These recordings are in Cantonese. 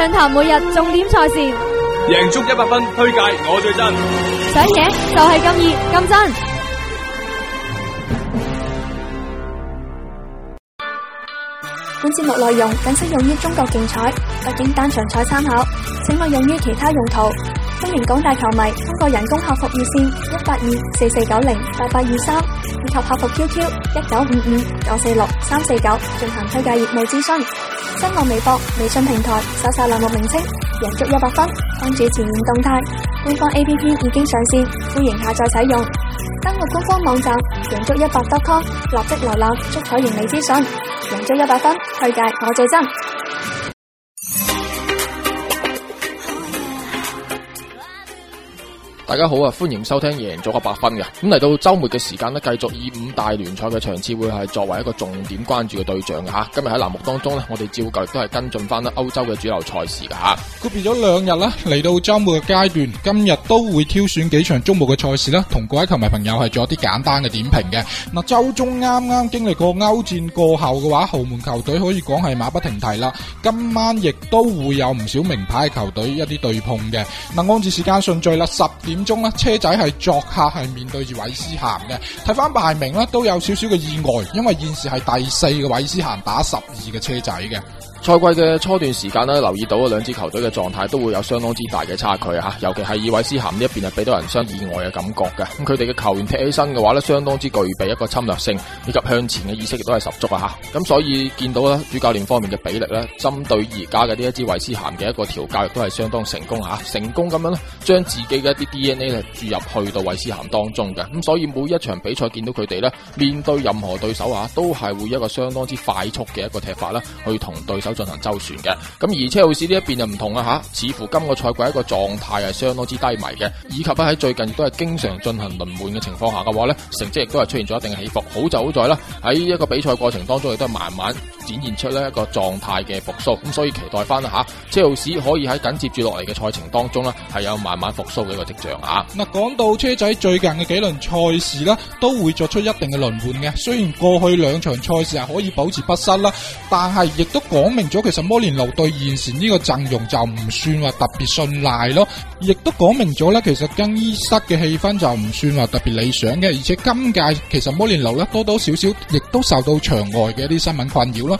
上台，每日重點賽事贏，贏足一百分推介，我最真。想贏就係咁易咁真。本節目內容僅適用於中國競彩北京單場彩參考，請勿用於其他用途。歡迎廣大球迷通過人工客服熱線一八二四四九零八八二三以及客服 QQ 一九五五九四六三四九進行推介業務諮詢。新浪微博、微信平台搜索欄目名稱贏足一百分，關注前沿動態。官方 APP 已經上線，歡迎下載使用。登錄官方網站贏足一百 .com，立即瀏覽足彩盈利資訊。贏足一百分，推介我最真。大家好啊，歡迎收聽贏足 100FUN 嘅。咁嚟到周末嘅時間呢，繼續以五大聯賽嘅場次會係作為一個重點關注嘅對象嘅吓。今日喺欄目當中呢，我哋照舊都係跟進翻咧歐洲嘅主流賽事嘅吓。隔別咗兩日啦，嚟到周末嘅階段，今日都會挑選幾場中冇嘅賽事咧，同各位球迷朋友係做一啲簡單嘅點評嘅。嗱，周中啱啱經歷過歐戰過後嘅話，豪門球隊可以講係馬不停蹄啦。今晚亦都會有唔少名牌球隊一啲對碰嘅。嗱，按照時間順序啦，十點。中啦，車仔係作客係面對住韋思咸嘅，睇翻排名咧都有少少嘅意外，因為現時係第四嘅韋思咸打十二嘅車仔嘅。賽季嘅初段時間啦，留意到啊，兩支球隊嘅狀態都會有相當之大嘅差距啊，尤其係以韋斯咸呢一邊係俾到人相意外嘅感覺嘅。咁佢哋嘅球員踢起身嘅話咧，相當之具備一個侵略性，以及向前嘅意識亦都係十足啊，吓。咁所以見到啦，主教練方面嘅比例咧，針對而家嘅呢一支韋斯咸嘅一個調教亦都係相當成功啊，成功咁樣咧，將自己嘅一啲 DNA 注入去到韋斯咸當中嘅。咁、啊、所以每一場比賽見到佢哋咧，面對任何對手啊，都係會一個相當之快速嘅一個踢法啦，去同對手。進行周旋嘅，咁而車路士呢一邊又唔同啊吓，似乎今個賽季一個狀態係相當之低迷嘅，以及喺最近亦都係經常進行輪換嘅情況下嘅話咧，成績亦都係出現咗一定嘅起伏。好就好在啦，喺一個比賽過程當中，亦都係慢慢。展現出咧一個狀態嘅復甦，咁所以期待翻啦吓，車路士可以喺緊接住落嚟嘅賽程當中咧，係有慢慢復甦嘅一個跡象吓。嗱，講到車仔最近嘅幾輪賽事咧，都會作出一定嘅輪換嘅。雖然過去兩場賽事係可以保持不失啦，但係亦都講明咗其實摩連奴對現時呢個陣容就唔算話特別信賴咯。亦都講明咗咧，其實更衣室嘅氣氛就唔算話特別理想嘅。而且今屆其實摩連奴咧多多少少亦都受到場外嘅一啲新聞困擾咯。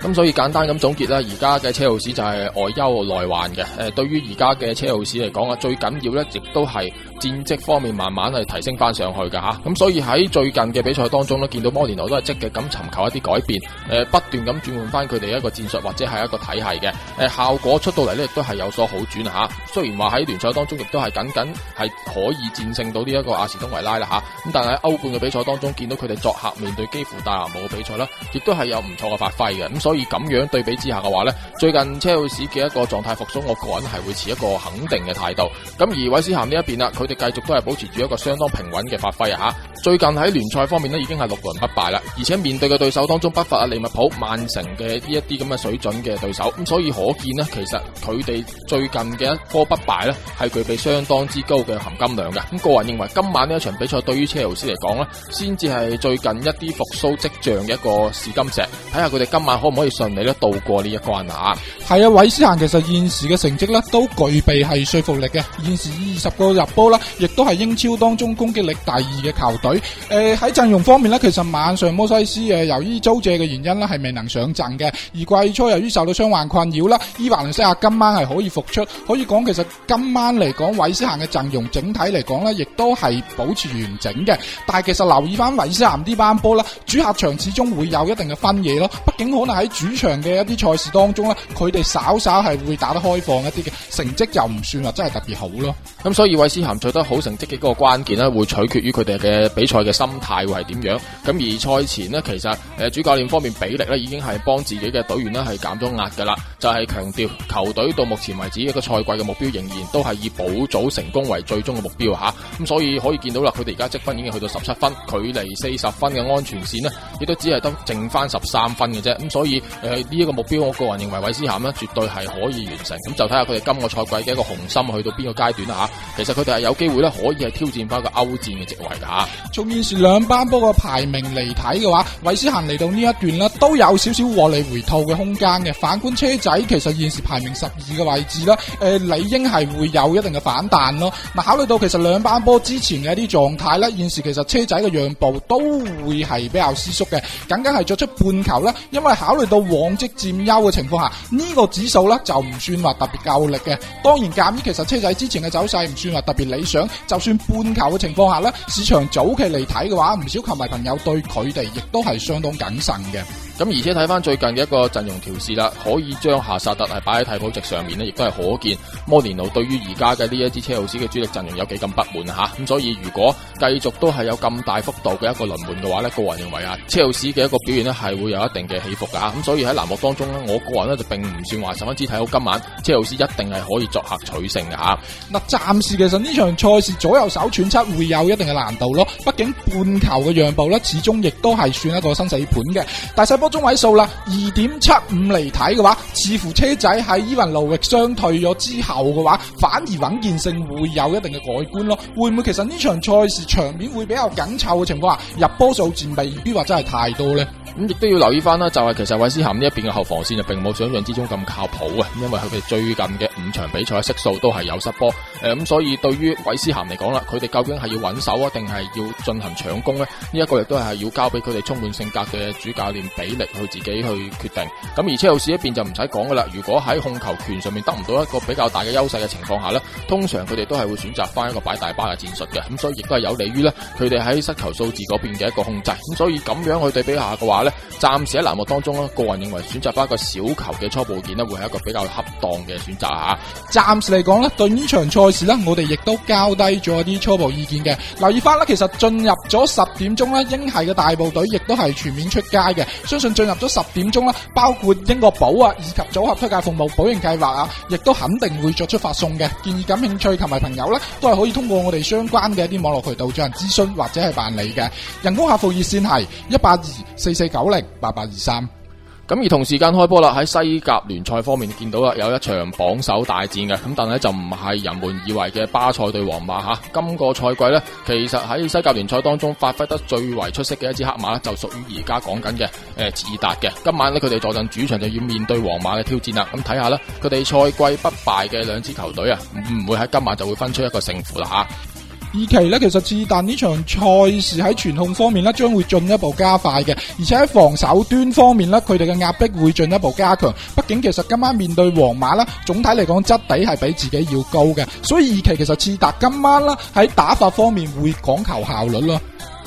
咁所以簡單咁總結啦，而家嘅車路士就係外憂內患嘅。誒，對於而家嘅車路士嚟講啊，最緊要咧，亦都係。戰績方面慢慢係提升翻上去嘅，吓，咁所以喺最近嘅比賽當中呢，見到摩連奴都係積極咁尋求一啲改變，誒、呃、不斷咁轉換翻佢哋一個戰術或者係一個體系嘅，誒、呃、效果出到嚟呢都係有所好轉吓。雖然話喺聯賽當中亦都係僅僅係可以戰勝到呢一個阿士東維拉啦吓，咁但係喺歐冠嘅比賽當中見到佢哋作客面對幾乎大熱門嘅比賽啦，亦都係有唔錯嘅發揮嘅。咁所以咁樣對比之下嘅話呢，最近車路士嘅一個狀態復甦，我個人係會持一個肯定嘅態度。咁而韋斯咸呢一邊啦，佢佢繼續都係保持住一個相當平穩嘅發揮啊！嚇，最近喺聯賽方面咧已經係六輪不敗啦，而且面對嘅對手當中不乏啊利物浦、曼城嘅呢一啲咁嘅水準嘅對手，咁所以可見呢，其實佢哋最近嘅一波不敗呢，係具備相當之高嘅含金量嘅。咁個人認為，今晚呢一場比賽對於車路士嚟講呢，先至係最近一啲復甦跡象嘅一個試金石。睇下佢哋今晚可唔可以順利咧渡過呢一關啊？係啊，韋斯咸其實現時嘅成績呢，都具備係說服力嘅，現時二十個入波啦。亦都係英超當中攻擊力第二嘅球隊。誒，喺陣容方面呢，其實晚上摩西斯，誒由於租借嘅原因呢，係未能上陣嘅。而季初由於受到傷患困擾啦，伊華倫西亞今晚係可以復出。可以講，其實今晚嚟講，韋斯咸嘅陣容整體嚟講呢，亦都係保持完整嘅。但係其實留意翻，韋斯咸呢班波啦，主客場始終會有一定嘅分野咯。畢竟可能喺主場嘅一啲賽事當中呢，佢哋稍稍係會打得開放一啲嘅，成績又唔算話真係特別好咯。咁所以韋斯咸覺得好成績嘅嗰個關鍵咧，會取決於佢哋嘅比賽嘅心態會係點樣？咁而賽前呢，其實誒主教練方面比力咧，已經係幫自己嘅隊員咧係減咗壓噶啦。就係強調球隊到目前為止一個賽季嘅目標仍然都係以保組成功為最終嘅目標吓，咁、啊嗯、所以可以見到啦，佢哋而家積分已經去到十七分，距離四十分嘅安全線咧，亦都只係得剩翻十三分嘅啫，咁、嗯、所以誒呢一個目標，我個人認為韋斯咸咧絕對係可以完成，咁、嗯、就睇下佢哋今個賽季嘅一個雄心去到邊個階段啦吓、啊。其實佢哋係有機會咧，可以係挑戰翻個歐戰嘅席位噶吓。從現時兩班波嘅排名嚟睇嘅話，韋斯咸嚟到呢一段咧都有少少獲利回吐嘅空間嘅。反觀車就喺其實現時排名十二嘅位置啦，誒、呃、理應係會有一定嘅反彈咯。嗱，考慮到其實兩班波之前嘅一啲狀態咧，現時其實車仔嘅讓步都會係比較絲縮嘅，僅僅係作出半球呢，因為考慮到往績佔優嘅情況下，呢、呢個指數咧就唔算話特別夠力嘅。當然，鑒於其實車仔之前嘅走勢唔算話特別理想，就算半球嘅情況下咧，市場早期嚟睇嘅話，唔少球迷朋友對佢哋亦都係相當謹慎嘅。咁而且睇翻最近嘅一個陣容調試啦，可以將夏薩特係擺喺替補席上面咧，亦都係可見摩連奴對於而家嘅呢一支車路士嘅主力陣容有幾咁不滿吓。咁所以如果繼續都係有咁大幅度嘅一個輪換嘅話呢，個人認為啊，車路士嘅一個表現咧係會有一定嘅起伏噶。咁所以喺欄目當中呢，我個人呢就並唔算話十分之睇好今晚車路士一定係可以作客取勝噶吓。嗱，暫時其實呢場賽事左右手預測會有一定嘅難度咯，畢竟半球嘅讓步呢，始終亦都係算一個生死盤嘅大中位數啦，二點七五嚟睇嘅話，似乎車仔喺伊云路域相退咗之後嘅話，反而穩健性會有一定嘅改觀咯。會唔會其實呢場賽事場面會比較緊湊嘅情況下，入波數字未必話真係太多呢？咁亦都要留意翻啦，就係其實韋斯咸呢一邊嘅後防線就並冇想象之中咁靠譜啊，因為佢哋最近嘅五場比賽嘅悉數都係有失波，誒咁所以對於韋斯咸嚟講啦，佢哋究竟係要穩守啊，定係要進行搶攻咧？呢一個亦都係要交俾佢哋充滿性格嘅主教練比利去自己去決定。咁而切爾西一邊就唔使講噶啦，如果喺控球權上面得唔到一個比較大嘅優勢嘅情況下咧，通常佢哋都係會選擇翻一個擺大巴嘅戰術嘅，咁所以亦都係有利於咧佢哋喺失球數字嗰邊嘅一個控制。咁所以咁樣去對比下嘅話，咧，暫時喺欄目當中咧，個人認為選擇翻一個小球嘅初步建議咧，會係一個比較恰當嘅選擇啊！暫時嚟講咧，對呢場賽事咧，我哋亦都交低咗啲初步意見嘅。留意翻啦，其實進入咗十點鐘咧，英係嘅大部隊亦都係全面出街嘅。相信進入咗十點鐘咧，包括英國保啊以及組合推介服務保型計劃啊，亦都肯定會作出發送嘅。建議感興趣同埋朋友呢，都係可以通過我哋相關嘅一啲網絡渠道進行諮詢或者係辦理嘅。人工客服熱線係一八二四四。九零八八二三，咁而同時間開波啦，喺西甲聯賽方面見到啦，有一場榜首大戰嘅，咁但係就唔係人們以為嘅巴塞對皇馬吓，今個賽季呢，其實喺西甲聯賽當中發揮得最為出色嘅一支黑馬，就屬於而家講緊嘅誒，捷達嘅，今晚呢，佢哋坐陣主場就要面對皇馬嘅挑戰啦，咁睇下呢，佢哋賽季不敗嘅兩支球隊啊，唔會喺今晚就會分出一個勝負啦吓。二期咧，其實次達呢場賽事喺傳控方面咧，將會進一步加快嘅，而且喺防守端方面咧，佢哋嘅壓迫會進一步加強。畢竟其實今晚面對皇馬咧，總體嚟講質地係比自己要高嘅，所以二期其實次達今晚啦喺打法方面會講求效率咯。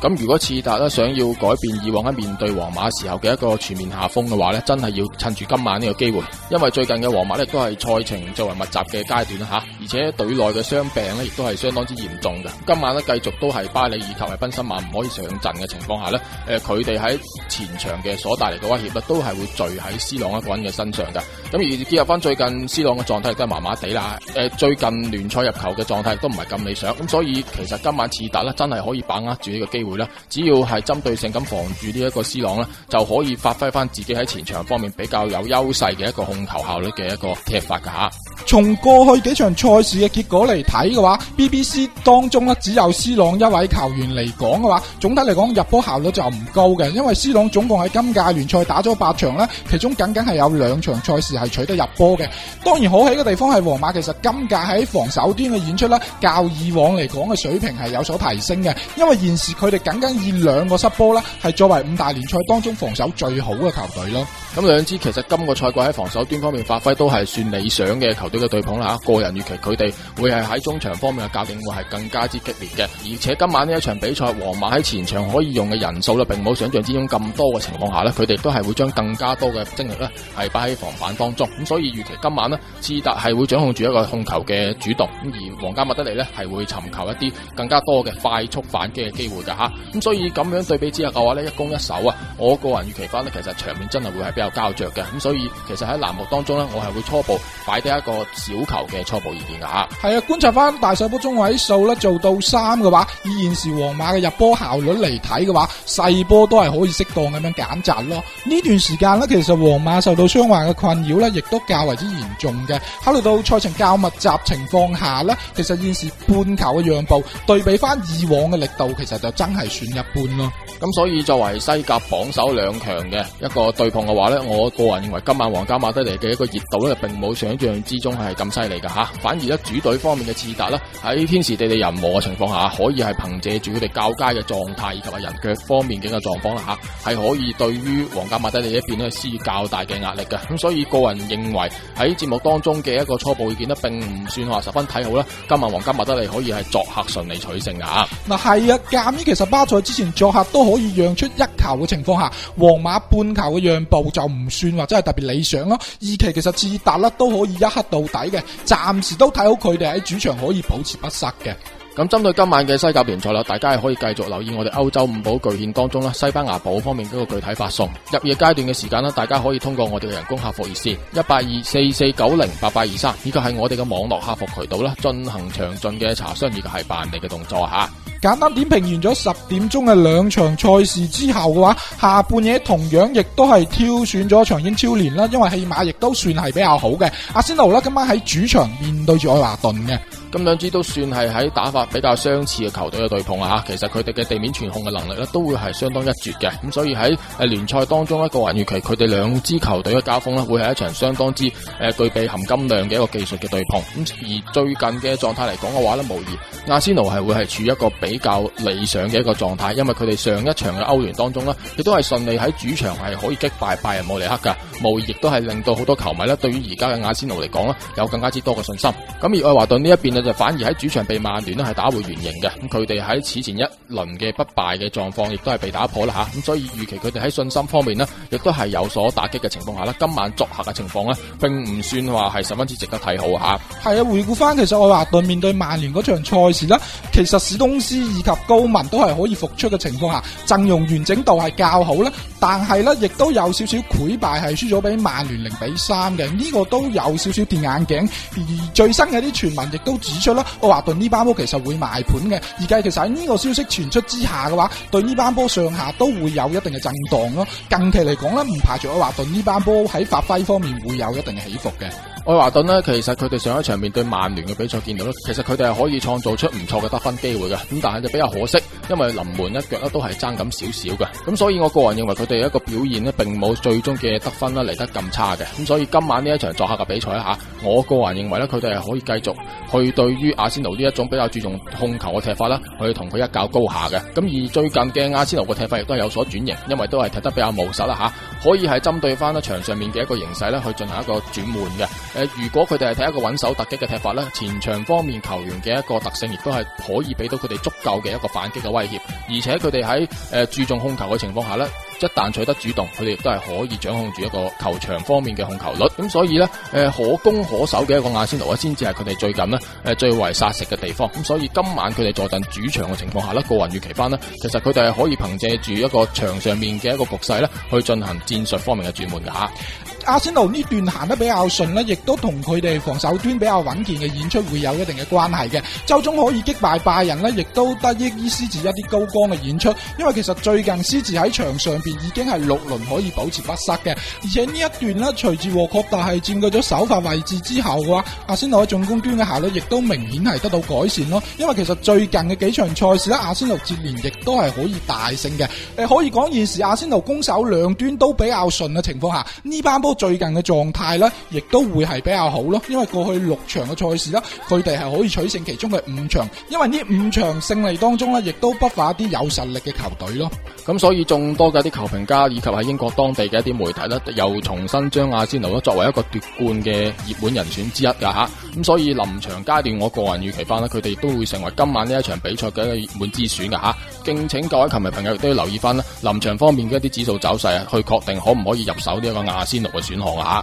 咁如果次達咧想要改變以往喺面對皇馬嘅時候嘅一個全面下風嘅話咧，真係要趁住今晚呢個機會，因為最近嘅皇馬咧都係賽程作為密集嘅階段吓，而且隊內嘅傷病咧亦都係相當之嚴重嘅。今晚咧繼續都係巴里爾以及係賓新馬唔可以上陣嘅情況下咧，誒佢哋喺前場嘅所帶嚟嘅威脅咧都係會聚喺 C 朗一個人嘅身上噶。咁而結合翻最近 C 朗嘅狀態都係麻麻地啦，誒最近聯賽入球嘅狀態都唔係咁理想，咁所以其實今晚次達咧真係可以把握住呢個機會。只要係針對性咁防住呢一個 C 朗咧，就可以發揮翻自己喺前場方面比較有優勢嘅一個控球效率嘅一個踢法噶。從過去幾場賽事嘅結果嚟睇嘅話，BBC 當中啦，只有 C 朗一位球員嚟講嘅話，總體嚟講入波效率就唔高嘅，因為 C 朗總共喺今屆聯賽打咗八場咧，其中僅僅係有兩場賽事係取得入波嘅。當然可喜嘅地方係皇馬，其實今屆喺防守端嘅演出咧，較以往嚟講嘅水平係有所提升嘅，因為現時佢哋。僅僅以兩個失波啦，係作為五大聯賽當中防守最好嘅球隊咯。咁兩支其實今個賽季喺防守端方面發揮都係算理想嘅球隊嘅對碰啦。吓，個人預期佢哋會係喺中場方面嘅較量會係更加之激烈嘅。而且今晚呢一場比賽，皇馬喺前場可以用嘅人數咧，並冇想象之中咁多嘅情況下咧，佢哋都係會將更加多嘅精力咧係擺喺防反當中。咁所以預期今晚咧，志達係會掌控住一個控球嘅主動，咁而皇家麥德利咧係會尋求一啲更加多嘅快速反擊嘅機會嘅吓。咁所以咁樣對比之下嘅話呢，一攻一守啊，我個人預期翻呢，其實場面真係會係比較膠着嘅。咁所以其實喺欄目當中呢，我係會初步擺低一個小球嘅初步意見噶吓。係啊，觀察翻大細波中位數呢，做到三嘅話，以現時皇馬嘅入波效率嚟睇嘅話，細波都係可以適當咁樣揀擇咯。呢段時間呢，其實皇馬受到傷患嘅困擾呢，亦都較為之嚴重嘅。考慮到賽程較密集情況下呢，其實現時半球嘅讓步，對比翻以往嘅力度，其實就增。係算一般咯，咁所以作為西甲榜首兩強嘅一個對碰嘅話咧，我個人認為今晚皇家馬德里嘅一個熱度咧，並冇想象之中係咁犀利噶吓。反而咧主隊方面嘅刺達咧，喺天時地利人和嘅情況下，可以係憑借住佢哋較佳嘅狀態以及係人腳方面嘅一個狀況啦吓，係、啊、可以對於皇家馬德里一邊呢，施較大嘅壓力嘅。咁所以個人認為喺節目當中嘅一個初步意見呢，並唔算話十分睇好啦，今晚皇家馬德里可以係作客順利取勝噶吓。嗱，係啊，夾呢、啊、其實。巴塞之前作客都可以讓出一球嘅情況下，皇馬半球嘅讓步就唔算話真係特別理想咯。二期其實自達粒都可以一刻到底嘅，暫時都睇好佢哋喺主場可以保持不失嘅。咁針對今晚嘅西甲聯賽啦，大家係可以繼續留意我哋歐洲五寶巨獻當中咧，西班牙寶方面嗰個具體發送。入夜階段嘅時間啦，大家可以通過我哋嘅人工客服熱線一八二四四九零八八二三，呢個係我哋嘅網絡客服渠道啦，進行詳盡嘅查詢以及係辦理嘅動作吓。簡單點評完咗十點鐘嘅兩場賽事之後嘅話，下半夜同樣亦都係挑選咗場英超聯啦，因為起碼亦都算係比較好嘅。阿仙奴啦，今晚喺主場面對住愛華頓嘅，咁兩支都算係喺打法。比較相似嘅球隊嘅對碰啊，其實佢哋嘅地面傳控嘅能力咧，都會係相當一絕嘅。咁所以喺誒聯賽當中咧，個人預期佢哋兩支球隊嘅交鋒呢，會係一場相當之誒具備含金量嘅一個技術嘅對碰。咁而最近嘅狀態嚟講嘅話咧，無疑阿仙奴係會係處於一個比較理想嘅一個狀態，因為佢哋上一場嘅歐聯當中呢，亦都係順利喺主場係可以擊敗拜仁慕尼黑噶。無疑亦都係令到好多球迷呢，對於而家嘅阿仙奴嚟講咧，有更加之多嘅信心。咁而愛華頓呢一邊呢，就反而喺主場被曼聯咧係打回原形嘅，咁佢哋喺此前一輪嘅不敗嘅狀況，亦都係被打破啦嚇，咁、啊、所以預期佢哋喺信心方面呢，亦都係有所打擊嘅情況下咧，今晚作客嘅情況呢，並唔算話係十分之值得睇好嚇。係啊，回顧翻其實奧華頓面對曼聯嗰場賽事咧，其實史東斯以及高文都係可以復出嘅情況下，陣容完整度係較好咧，但係呢，亦都有少少潰敗，係輸咗俾曼聯零比三嘅，呢、這個都有少少跌眼鏡。而最新嘅啲傳聞亦都指出啦，奧華頓呢班屋其實。會賣盤嘅，而家其實喺呢個消息傳出之下嘅話，對呢班波上下都會有一定嘅震盪咯、哦。近期嚟講咧，唔排除嘅話，對呢班波喺發揮方面會有一定嘅起伏嘅。愛華頓呢，其實佢哋上一場面對曼聯嘅比賽見到呢，其實佢哋係可以創造出唔錯嘅得分機會嘅，咁但係就比較可惜，因為臨門一腳咧都係爭緊少少嘅。咁所以我個人認為佢哋一個表現呢，並冇最終嘅得分咧嚟得咁差嘅。咁所以今晚呢一場作客嘅比賽咧嚇，我個人認為呢，佢哋係可以繼續去對於阿仙奴呢一種比較注重控球嘅踢法啦，去同佢一較高下嘅。咁而最近嘅阿仙奴嘅踢法亦都有所轉型，因為都係踢得比較務實啦嚇，可以係針對翻咧場上面嘅一個形勢咧去進行一個轉換嘅。誒，如果佢哋係睇一個穩守突擊嘅踢法呢，前場方面球員嘅一個特性，亦都係可以俾到佢哋足夠嘅一個反擊嘅威脅。而且佢哋喺誒注重控球嘅情況下呢，一旦取得主動，佢哋亦都係可以掌控住一個球場方面嘅控球率。咁所以呢，誒、呃、可攻可守嘅一個阿仙奴先至係佢哋最近呢誒、呃、最為殺食嘅地方。咁所以今晚佢哋坐陣主場嘅情況下呢，個人預期翻呢，其實佢哋係可以憑借住一個場上面嘅一個局勢呢，去進行戰術方面嘅轉換噶吓。阿仙奴呢段行得比較順呢，亦都同佢哋防守端比較穩健嘅演出會有一定嘅關係嘅。周中可以擊敗拜仁呢，亦都得益於施治一啲高光嘅演出。因為其實最近施治喺場上邊已經係六輪可以保持不失嘅，而且呢一段呢，隨住華確特係佔據咗首發位置之後嘅、啊、話，阿仙奴喺進攻端嘅效率亦都明顯係得到改善咯。因為其實最近嘅幾場賽事呢，阿仙奴接連亦都係可以大勝嘅、呃。可以講現時阿仙奴攻守兩端都比較順嘅情況下，呢班波。最近嘅狀態呢，亦都會係比較好咯，因為過去六場嘅賽事啦，佢哋係可以取勝其中嘅五場，因為呢五場勝利當中呢，亦都不乏一啲有實力嘅球隊咯。咁所以眾多嘅一啲球評家以及喺英國當地嘅一啲媒體呢，又重新將阿仙奴作為一個奪冠嘅熱門人選之一噶吓。咁、啊、所以臨場階段，我個人預期翻呢，佢哋都會成為今晚呢一場比賽嘅一個熱門之選噶吓、啊。敬請各位球迷朋友都要留意翻啦，臨場方面嘅一啲指數走勢去確定可唔可以入手呢一個阿仙奴轉行啊。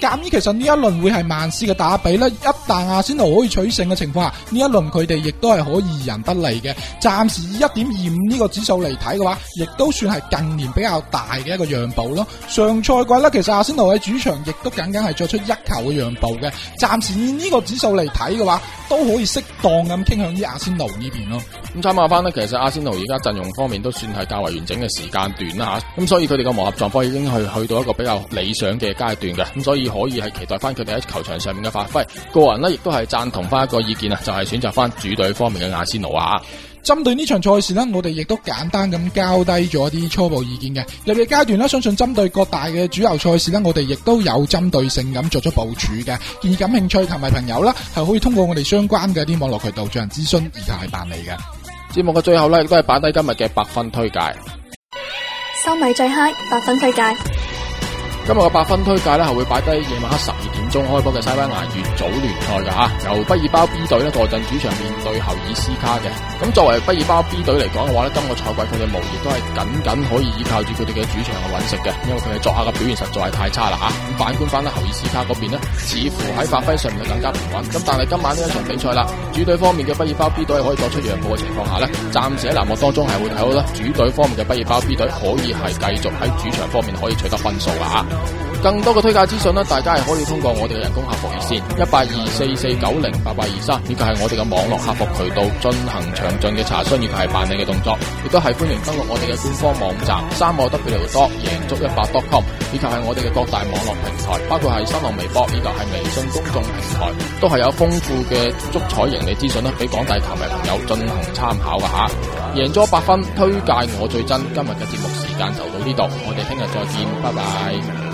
鑒於其實呢一輪會係萬斯嘅打比咧，一旦阿仙奴可以取勝嘅情況下，呢一輪佢哋亦都係可以人不利嘅。暫時以一點二五呢個指數嚟睇嘅話，亦都算係近年比較大嘅一個讓步咯。上賽季咧，其實阿仙奴喺主場亦都僅僅係作出一球嘅讓步嘅。暫時以呢個指數嚟睇嘅話，都可以適當咁傾向於阿仙奴呢邊咯。咁參考翻呢，其實阿仙奴而家陣容方面都算係較為完整嘅時間段啦吓，咁所以佢哋嘅磨合狀況已經去去到一個比較理想嘅階段嘅，咁所以。所以可以係期待翻佢哋喺球場上面嘅發揮，個人咧亦都係贊同翻一個意見啊，就係、是、選擇翻主隊方面嘅亞仙奴啊。針對這場呢場賽事咧，我哋亦都簡單咁交低咗啲初步意見嘅。入夜階段咧，相信針對各大嘅主流賽事咧，我哋亦都有針對性咁作出部署嘅。建議感興趣同埋朋友啦，係可以通過我哋相關嘅啲網絡渠道進行諮詢而家係辦理嘅。節目嘅最後咧，亦都係擺低今日嘅百分推介，收米最嗨百分推介。今日嘅八分推介咧，係會擺低夜晚黑十二點鐘開波嘅西班牙乙組聯賽嘅吓、啊，由畢爾包 B 隊咧坐鎮主場面對侯爾斯卡嘅。咁、嗯、作為畢爾包 B 隊嚟講嘅話咧，今個賽季佢哋無疑都係僅僅可以依靠住佢哋嘅主場去搵食嘅，因為佢哋作客嘅表現實在係太差啦吓、啊。反觀翻咧侯爾斯卡嗰邊呢，似乎喺發揮上面就更加平穩。咁、嗯、但係今晚呢一場比賽啦，主隊方面嘅畢爾包 B 隊可以作出讓步嘅情況下咧，暫時喺欄目當中係會睇到咧主隊方面嘅畢爾包 B 隊可以係繼續喺主場方面可以取得分數嘅。更多嘅推介資訊咧，大家係可以通過我哋嘅人工客服熱線一八二四四九零八八二三，以及係我哋嘅網絡客服渠道進行詳盡嘅查詢，以及係辦理嘅動作，亦都係歡迎登錄我哋嘅官方網站三個 w dot 贏足一百 dot com。以及係我哋嘅各大網絡平台，包括係新浪微博以及係微信公眾平台，都係有豐富嘅足彩盈利資訊啦，俾廣大球迷朋友進行參考噶吓。贏足 100FUN，推介我最真。今日嘅節目時間就到呢度，我哋聽日再見，拜拜。